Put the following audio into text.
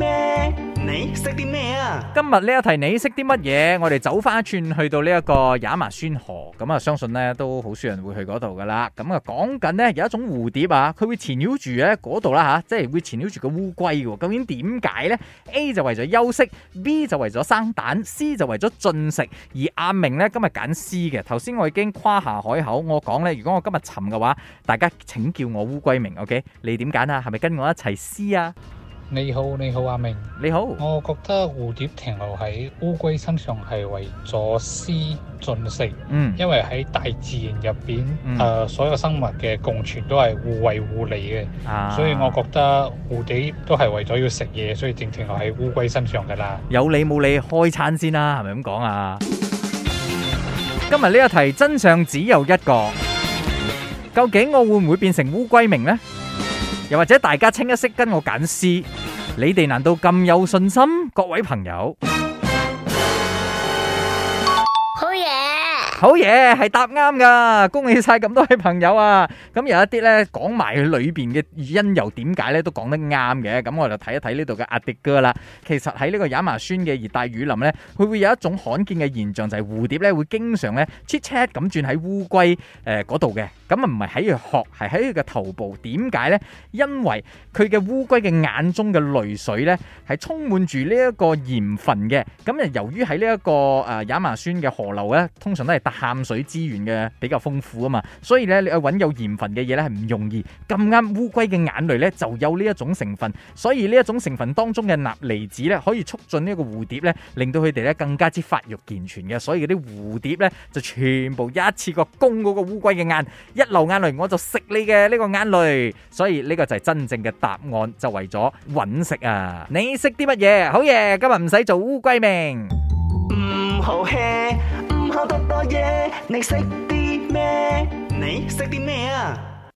咩？你，你識啲咩啊？今日呢一題你識啲乜嘢？我哋走翻一轉去到呢一個亞馬遜河，咁啊，相信咧都好少人會去嗰度噶啦。咁啊，講緊咧有一種蝴蝶啊，佢會纏繞住咧嗰度啦吓，即係會纏繞住個烏龜嘅。究竟點解呢？A 就為咗休息，B 就為咗生蛋，C 就為咗進食。而阿明呢，今日揀 C 嘅。頭先我已經誇下海口，我講呢：「如果我今日沉嘅話，大家請叫我烏龜明。」OK？你點揀啊？係咪跟我一齊 C 啊？你好，你好阿明，你好。我覺得蝴蝶停留喺烏龜身上係為咗絲進食。嗯，因為喺大自然入邊，誒、嗯呃，所有生物嘅共存都係互惠互利嘅。啊，所以我覺得蝴蝶都係為咗要食嘢，所以淨停留喺烏龜身上噶啦。有你冇你開餐先啦，係咪咁講啊？是是啊，今日呢一題真相只有一個，究竟我會唔會變成烏龜名呢？又或者大家清一色跟我揀視？你哋難道咁有信心，各位朋友。好嘢，係答啱噶，恭喜晒咁多位朋友啊！咁有一啲咧講埋佢裏邊嘅語音，又點解咧都講得啱嘅？咁我就睇一睇呢度嘅阿迪哥啦。其實喺呢個雅麻酸嘅熱帶雨林咧，佢會有一種罕見嘅現象，就係、是、蝴蝶咧會經常咧切 h a 咁轉喺烏龜誒嗰度嘅。咁啊唔係喺佢殼，係喺佢嘅頭部。點解咧？因為佢嘅烏龜嘅眼中嘅淚水咧係充滿住呢一個鹽分嘅。咁啊，由於喺呢一個誒雅馬孫嘅河流咧，通常都係鹹水資源嘅比較豐富啊嘛，所以呢，你去搵有鹽分嘅嘢呢，係唔容易。咁啱烏龜嘅眼淚呢，就有呢一種成分，所以呢一種成分當中嘅鈉離子呢，可以促進呢個蝴蝶呢，令到佢哋呢更加之發育健全嘅。所以嗰啲蝴蝶呢，就全部一次過攻個攻嗰個烏龜嘅眼，一流眼淚我就食你嘅呢個眼淚。所以呢個就係真正嘅答案，就為咗揾食啊！你識啲乜嘢？好嘢！今日唔使做烏龜命。唔、嗯、好氣。多多嘢，你識啲咩？你識啲咩啊？